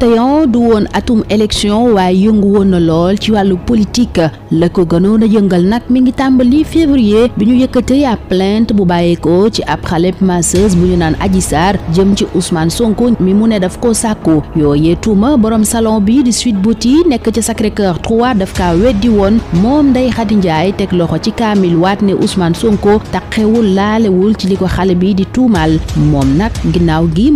2021 du woon atum élection waaye yëngu woon na lool ci wàllu politique la ko gënoon a yëngal nag mi ngi tàmbali février bi ñu yëkkatee ab plainte bu bàyyeekoo ci ab xaleb masseuse bu ñu naan Adji Sarr jëm ci Ousmane Sonko mi mu ne daf ko sàkku yoo tuuma borom salon bi di Sweet Beauty nekk ca Sacré-Cœur 3 daf kaa weddi woon moom Ndeye Khady Ndiaye teg loxo ci kaamil waat ne usmaan Sonko taqewul laalewul ci li ko xale bi di tuumaal moom nag ginnaaw gi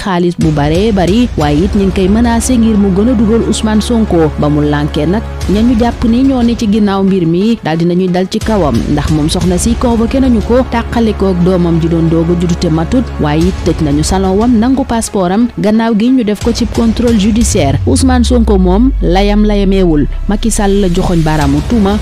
xaalis bu bari bare bari waaye it ñu ngi koy menacé ngir mu gën a dugal Ousmane Sonko ba mu lànkee nag ña ñu jàpp ni ñoo ne ci ginnaaw mbir mi daal di nañuy dal ci kawam ndax moom soxna si ba convoqué nañu ko kook doomam ji doon doog a judute matut waaye it tëj nañu salon wam nangu passeport am gannaaw gi ñu def ko ci contrôle judiciaire Ousmane Sonko moom layam layameewul Macky Sall la joxoñ baaraamu tuuma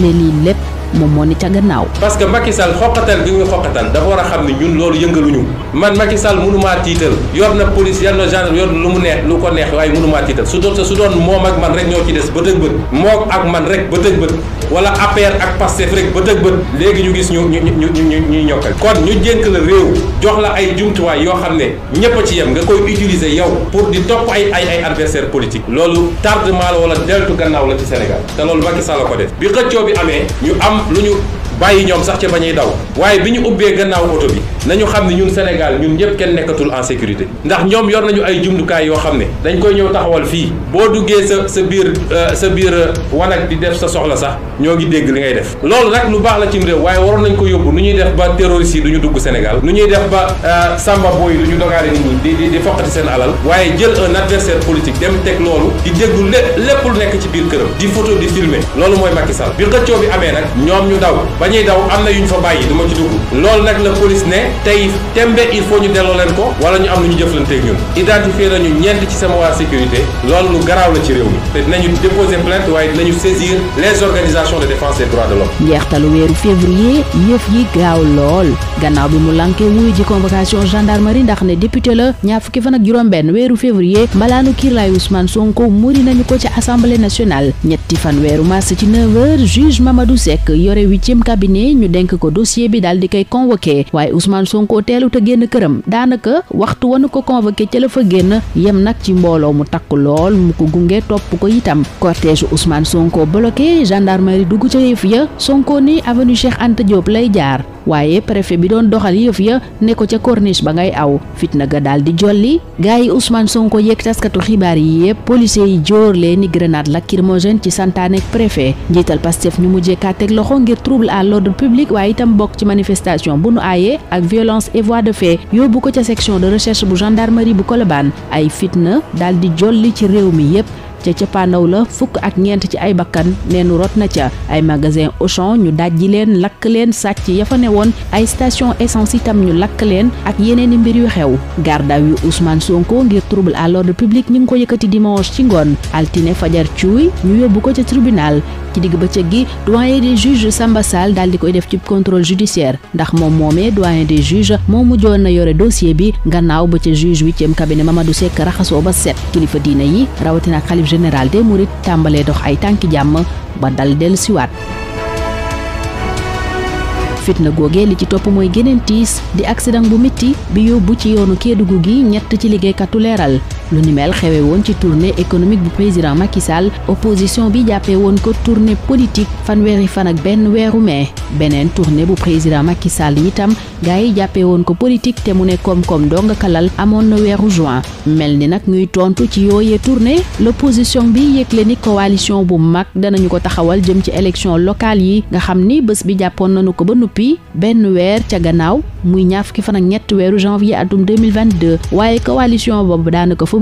ne lii lépp moom moo ni ca gannaaw. parce que Macky Sall xoqatal gi muy xoqatal dafa war a xam ne ñun loolu yëngaluñu man Macky Sall mënumaa tiital yor na police yor na gendarme yor lu mu neex lu ko neex waaye mënumaa tiital su doon su doon moom ak man ñoo ci des ba dëgg bët moom ak rek ba dëgg bët wala APR ak Pastef rek ba dëgg bët léegi ñu gis ñu ñu ñu ñu ñuy ñokkal kon ñu jënk la jox la ay jumtuwaay yoo xam ne ñëpp a ci yem nga koy utiliser yow pour di topp ay ay ay adversaire politique loolu tardement la wala deltu gannaaw la ci Sénégal te loolu Macky Sall ko def bi xëccoo bi amee ñu am lu ñu bàyyi ñoom sax ca ba ñuy daw waaye bi ñu ubbee gannaaw oto bi nañu xam ne ñun Sénégal ñun ñëpp kenn nekkatul en sécurité ndax ñoom yor nañu ay jumtukaay yoo xam ne dañ koy ñëw taxawal fii boo duggee sa sa biir euh, sa biir euh, wanag di def sa soxla sax ñoo ngi dégg li ngay def loolu nag lu baax la cim réew waaye waroon nañ ko yóbbu nu ñuy def ba terroriste yi du ñu dugg Sénégal nu ñuy def ba euh, samba boy du ñu dogaale nit ñi di di di foqati seen alal waaye jël un adversaire politique dem teg loolu di déglu lépp lépp lu nekk ci biir këram di photo di filmer loolu mooy Macky Sall bi xëccoo bi amee nag ñoom ñu daw ba ñuy daw am na yu ñu fa bàyyi du ma ci dugg loolu nag la police ne tey tembe il faut ñu delloo leen ko wala ñu am lu ñu jëflanteeg ñun identifié nañu ñeent ci sama waa sécurité loolu lu garaaw la ci réew mi te dinañu déposer plainte waaye dinañu saisir les organisations de défense des droits de l'homme njeextalu weeru février yëf yi gaaw lool gannaaw bi mu lankee wuyu ji convocation gendarmerie ndax ne député la ñaar fukki fan ak juróom-benn weeru février mbalaanu kiirlaay Ousmane Sonko muri nañu ko ci assemblée nationale ñetti fan weeru mars ci 9 heures ni ñu denk ko dossier bi daal di koy convoqué waaye Ousmane sonkoo teelu te génn këram daanaka waxtu wanu ko convoqué ca la fa génn yem nag ci mbooloo mu takk lool mu ko gunge topp ko itam cortège Ousmane Sonko bloqué gendarmerie dugg ca yëf ya Sonko ni avenue Cheikh Anta Diop lay jaar waaye préfet bi doon doxal yëf ya ne ko ca corniche ba ngay aw fitna ga daal di jolli gars yi Ousmane Sonko yéeg taskatu xibaar yi yëpp policiers yi jóor leen ni grenade lacrymogène ci santaane préfet njiital Pastef ñu mujjee kàtteeg loxo ngir trouble à l'ordre public waaye itam bokk ci manifestation bu nu aayee ak violence et de fait yóbbu ko ca section de recherche bu gendarmerie bu Colobane ay fitna daal di jolli ci réew mi yëpp ca cëppaandaw la fukk ak ñeent ci ay bakkan neenu rot na ca ay magasin Auchan ñu dajji leen lakk leen sàcc ya fa ne woon ay station essence itam ñu lakk leen ak yeneen i mbir yu xew gardaw yu Ousmane Sonko ngir trouble à l'ordre public ñu ngi ko yëkkati dimanche ci ngoon altine fajar cuuy ñu yóbbu ko ca tribunal ci digg bëccëg gi doyen des juges Samba Sall daal di koy def ci contrôle judiciaire ndax moom moomee doyen de juges moo mujjoon na yore dossier bi gannaaw ba ca juge huitième cabinet Mamadou Seck raxasoo ba set kilifa diina yi général des Mourides dox ay tànki jàmm ba dal dellu siwaat fitna googee li ci topp mooy geneen tiis di accident bu metti bi yóbbu ci yoonu Kédougou gi ñett ci liggéeykatu leeral lu ni mel xewe woon ci tournée économique bu président Macky Sall opposition bi jàppee woon ko tournée politique fanweeri fan ak benn weeru mai beneen tournée bu président Macky Sall itam gars yi jàppee woon ko politique te mu ne koom-koom dong kalal amoon na weeru juin mel ni nag ñuy tontu ci yooyee tournée l'opposition bi yëgle ni coalition bu mag danañu ko taxawal jëm ci élection locale yi nga xam ni bés bi jàppoon nañu ko ba nuppi benn weer ca gannaaw muy ñaar fukki fan ñett weeru janvier atum 2022 waaye coalition boobu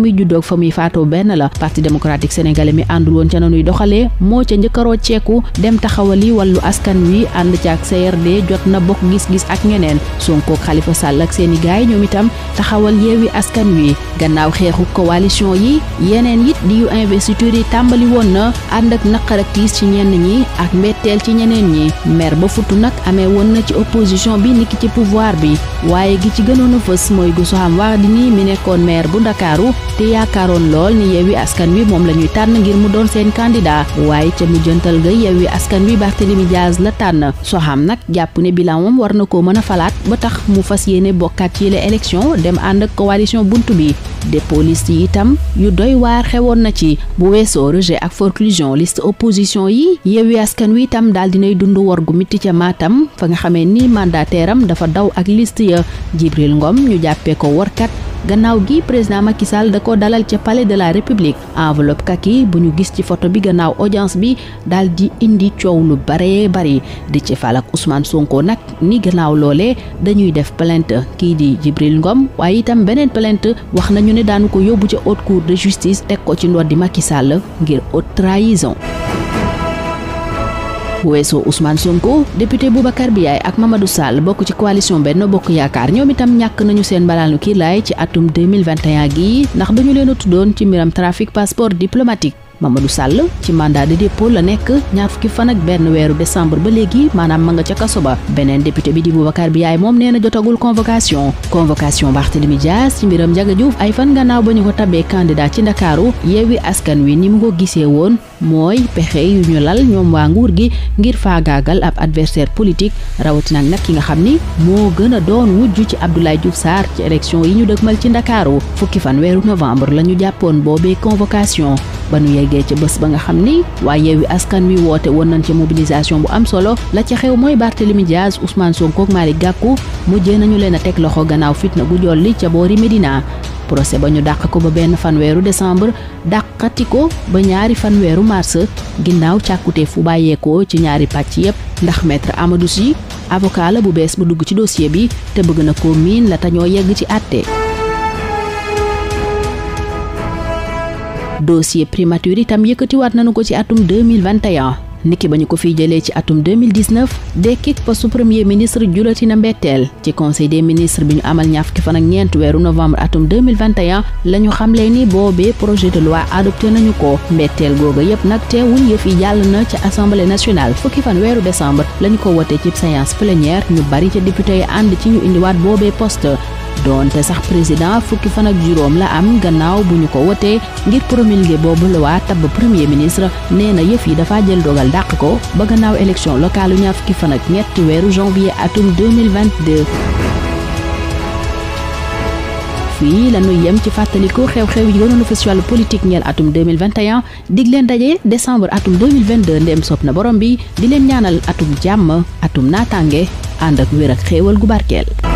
muy juddoog fa muy faatoo benn la parti démocratique sénégalais mi àndul woon ca nanuy doxalee moo ca njëkkaroo ceeku dem taxawali wallu askan wi ànd ca ak CRD jot na bokk gis-gis ak ñeneen Sonko ak Khalifa Sall ak seeni gaay ñoom itam taxawal yeewi askan wi gannaaw xeexu coalition yi yeneen it di yu investiture yi tàmbali woon na ànd ak naqar ci ñenn ñi ak mbetteel ci ñeneen ñi mer ba futu nag amee woon na ci opposition bi niki ci pouvoir bi waaye gi ci gënoon a fës mooy Guy Soham Wardini mi nekkoon maire bu Ndakaaru te yaakaaroon lool ni Yewwi Askan Wi moom la ñuy tànn ngir mu doon seen candidat waaye ca mujjantal ga Yewwi Askan Wi Barthélémy Dias la tànn soxam nag jàpp ne bilan moom war na koo mën a falaat ba tax mu fas yéene bokkaat ci la élection dem ànd ak coalition buntu bi dépôt liste yi itam yu doy waar xewoon na ci bu weesoo rejet ak forclusion list opposition yi Yewwi Askan Wi itam daal dinay dund wor gu mitti ca Matam fa nga xamee ni mandataire dafa daw ak liste ya Jibril Ngom ñu jàppee ko workat gannaaw gi président Macky Sall da ko dalal ca palais de la république enveloppe kaki bu ñu gis ci photo bi gannaaw audience bi dal di indi coow lu baree bari di ci fal ak Ousmane Sonko nag ni gannaaw loole dañuy def plainte kii di Jibril Ngom waaye itam beneen plainte wax nañu ne daanu ko yóbbu ca haute cour de justice teg ko ci ndoor di Macky Sall ngir haute trahison bu weesoo Ousmane Sonko député Boubacar Biaye ak Mamadou Sall bokk ci coalition Benno Bokk Yaakaar ñoom itam ñàkk nañu seen mbalaanu kii laay ci atum 2021 gi ndax dañu leen a tuddoon ci mbiram trafic passeport diplomatique Mamadou Sall ci mandat de la nekk ñaar fukki fan ak benn weeru décembre ba léegi maanaam ma nga ca kaso ba beneen député bi di Boubacar Biaye moom nee na jotagul convocation convocation Barthélémy Dias ci mbiram Ndiaga Diouf ay fan gannaaw ba ñu ko ni mu ko mooy pexe yu ñu lal ñoom waa nguur gi ngir faagaagal ab adversaire politique rawatina nag ki nga xam ni moo gën a doon wujj ci Abdoulaye Diouf saar ci élection yi ñu dëgmal ci ndakaaru fukki fan weeru novembre la ñu jàppoon boobee convocation ba nu yeggee ca bés ba nga xam ni waa Yewwi Askan Wi woote woon nañ ca mobilisation bu am solo la ca xew mooy Barthélemy Diaz Ousmane Sonko ak Malick Gakou mujjee nañu leen a teg loxo gannaaw fitna gu jolli ca boori Medina procès ba ñu dàq ko ba benn fanweeru décembre dàqati ko ba ñaari fanweeru mars ginnaaw càkkute fu bàyyeekoo ci ñaari pàcc yépp ndax metre Amadou Sy avocat la bu bees bu dugg ci dossier bi te bëgg na ko miin la tañoo yegg ci àtte dossier primature itam yëkkatiwaat nañu ko ci atum 2021 niki ba ñu ko fiy jëlee ci atum 2019 dekkit postu premier ministre julatina mbetteel ci conseil des ministres bi ñu amal ñaar fukki fan ak ñeent weeru novembre atum 2021 la ñu xamle ni boobee projet de loi adopté nañu ko mbetteel googa yépp nag teewul yëf yi jàll na ci assemblée nationale fukki fan weeru décembre la ñu ko wote ci séance plénière ñu bari ca député yi ànd ci ñu indiwaat boobee poste doonte sax président fukki fan ak juróom la am gannaaw bu ñu ko wotee ngir promulguer boobu la waa tabb premier ministre nee na yëf yi dafa jël dogal dàq ko ba gannaaw élection locale ñaar fukki fan ak ñetti weeru janvier atum 2022 fii la ñuy yem ci fàttaliku xew-xew yi gënoon a fës ci wàllu ñeel atum 2021 dig leen daje décembre atum 2022 ndéem soob na borom bi di leen ñaanal atum jàmm atum naataange ànd ak wér ak xéewal gu barkeel